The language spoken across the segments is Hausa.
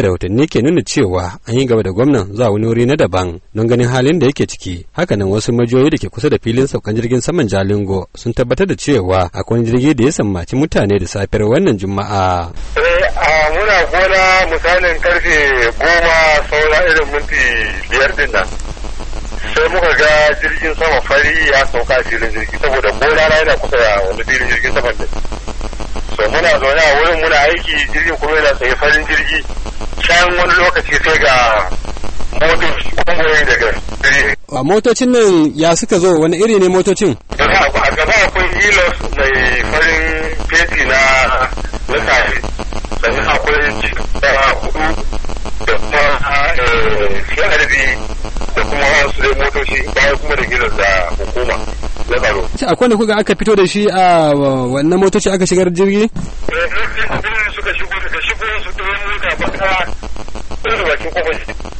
da rahotanni ke nuna cewa an yi gaba da gwamnan za wani wuri na daban don ganin halin da yake ciki hakanan wasu majiyoyi da ke kusa da filin saukan jirgin saman jalingo sun tabbatar da cewa akwai jirgi da ya sammaci mutane da safiyar wannan juma'a eh, a muna gona misalin karfe goma saura irin minti biyar din nan sai muka ga jirgin sama fari ya sauka filin jirgi saboda gona na yana kusa da wani filin jirgin sama din so muna zaune a wurin muna aiki jirgin kuma yana tsaye farin jirgi can wani lokaci sai ga motoci kungiyoyi daga a motocin nan ya suka zo wani iri ne motocin a gaba akwai ilos mai farin peti na na tafi sannan akwai hudu da kuma shirarbi eh, da kuma wasu dai motoci bayan kuma da ilos da hukuma na tsaro akwai da kuka aka fito da shi a wannan motoci aka shigar jirgi eh, su kuma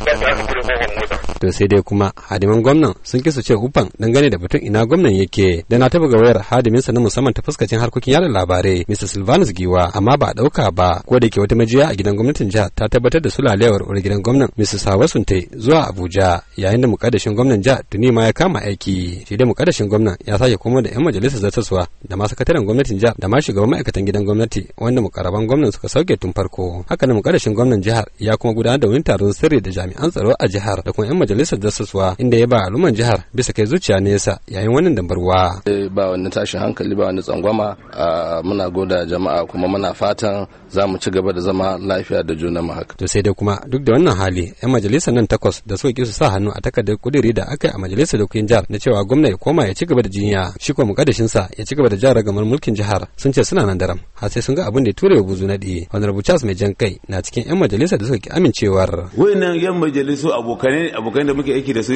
da za su kuri gogon mota to sai dai kuma hadiman gwamnan sun kisa ce uban dangane da batun ina gwamnan yake da na taba gawayar hadiminsa na musamman ta fuskacin harkokin yada labarai Mr. Silvanus Giwa amma ba a dauka ba ko da ke wata majiya a gidan gwamnatin jihar ta tabbatar da sulalewar uwar gidan gwamnan Mr. Sawa Sunte zuwa Abuja yayin da mukaddashin gwamnan jihar tuni ma ya kama aiki shi da mukaddashin gwamnan ya sake komo da yan majalisar zartaswa da ma sakataren gwamnatin jihar da ma shugaban ma'aikatan gidan gwamnati wanda mukarraban gwamnan suka sauke tun farko haka ne mukaddashin gwamnan jihar ya kuma gudanar da wani taron sirri da jami'an tsaro a jihar da kuma majalisar dasaswa inda ya ba aluman jihar bisa kai zuciya nesa yayin wannan dambarwa. Eh, ba wani tashin hankali ba wani tsangwama ah, muna goda jama'a kuma muna fatan za mu ci gaba da zama lafiya da juna mu haka. To sai dai kuma duk da wannan hali 'yan majalisar nan takwas da suka ki su sa hannu a takardar kudiri da aka yi a majalisar dokokin jihar na cewa gwamna ya koma ya ci gaba da jinya shi kuma sa ya ci gaba da jihar gamar mulkin jihar sun ce suna nan daram har sai sun ga abin da ya ture buzu na ɗiye. Honorable Charles mai jan kai na cikin 'yan majalisar da suka ki amincewar. Wayannan 'yan majalisu abokanai da muke aiki da su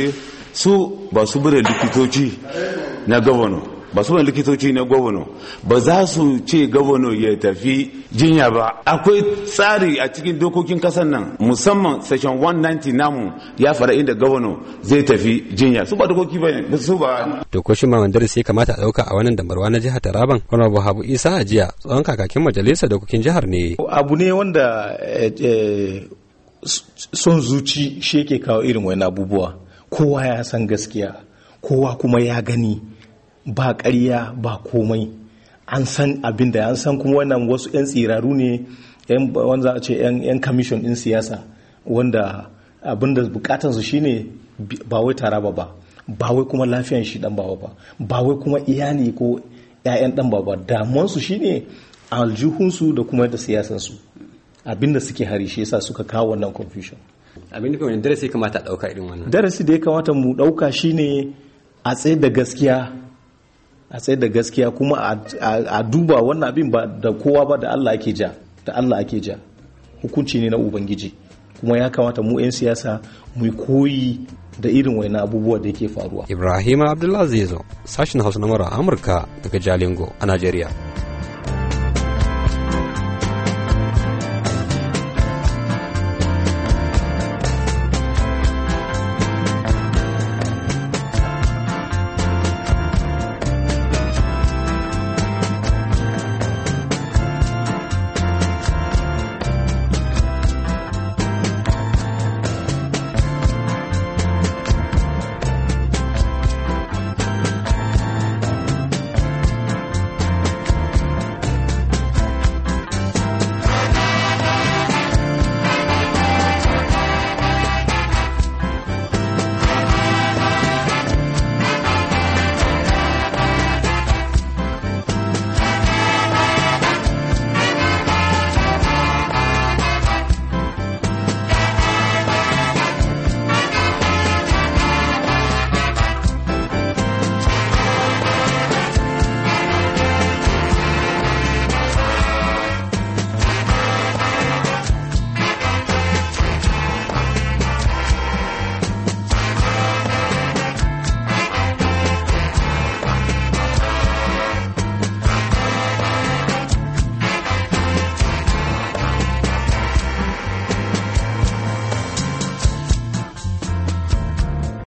su ba su bude likitoci na gabano ba su bude likitoci na gabano ba za su ce gabano ya tafi jinya ba akwai tsari a cikin dokokin kasan nan musamman section 190 namu ya fara inda gabano zai tafi jinya su ba dokoki ba ne su ba to ko shin sai kamata a dauka a wannan damarwa na jihar Taraban kuma Habu Isa a jiya tsohon kakakin majalisa dokokin jihar ne abu ne wanda eh, eh, son zuci shi yake kawo irin wani abubuwa kowa ya san gaskiya kowa kuma ya gani ba ƙarya ba komai an san abin da an san kuma wannan wasu 'yan tsiraru ne wanda a ce 'yan kamishin ɗin siyasa wanda abin da bukatansu shine ba wai tara ba ba wai kuma lafiyan shi dan baba ba ba wai kuma iyali ko 'ya'yan dan baba damuwansu shine aljihunsu da kuma yadda siyasansu abinda suke hari shi yasa suka kawo wannan confusion abin da wannan darasi kamata a dauka irin wannan darasi da ya kamata mu dauka shine a tsaye da gaskiya a tsaye da gaskiya kuma a duba wannan abin ba da kowa ba da Allah ake ja da Allah ake ja hukunci ne na ubangiji kuma ya kamata mu 'yan siyasa mu koyi da irin wani abubuwa da yake faruwa ibrahim abdullahi zezo sashen hausa na mara amurka daga jalingo a najeriya